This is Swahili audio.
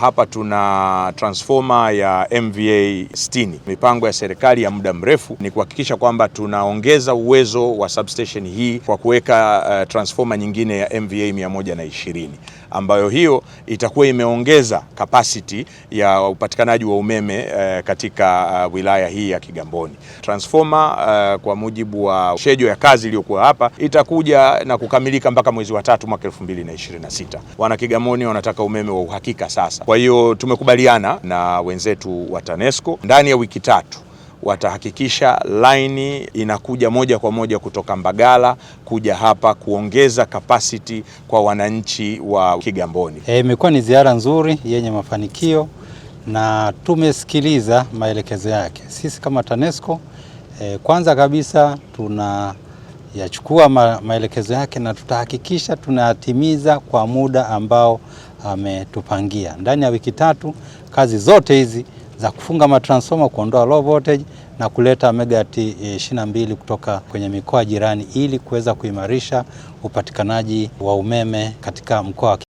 Hapa tuna transformer ya MVA 60. Mipango ya serikali ya muda mrefu ni kuhakikisha kwamba tunaongeza uwezo wa substation hii kwa kuweka uh, transformer nyingine ya MVA 120 ambayo hiyo itakuwa imeongeza capacity ya upatikanaji wa umeme uh, katika uh, wilaya hii ya Kigamboni. Transformer uh, kwa mujibu wa shejo ya kazi iliyokuwa hapa itakuja na kukamilika mpaka mwezi wa tatu mwaka 2026. Wana Kigamboni wanataka umeme wa uhakika sasa. Kwa hiyo tumekubaliana na wenzetu wa TANESCO ndani ya wiki tatu watahakikisha laini inakuja moja kwa moja kutoka Mbagala kuja hapa kuongeza kapasiti kwa wananchi wa Kigamboni. Eh, imekuwa ni ziara nzuri yenye mafanikio na tumesikiliza maelekezo yake. Sisi kama TANESCO e, kwanza kabisa tunayachukua ma maelekezo yake na tutahakikisha tunayatimiza kwa muda ambao ametupangia ndani ya wiki tatu kazi zote hizi za kufunga matransforma, kuondoa low voltage na kuleta megawati eh, 22 kutoka kwenye mikoa jirani ili kuweza kuimarisha upatikanaji wa umeme katika mkoa wa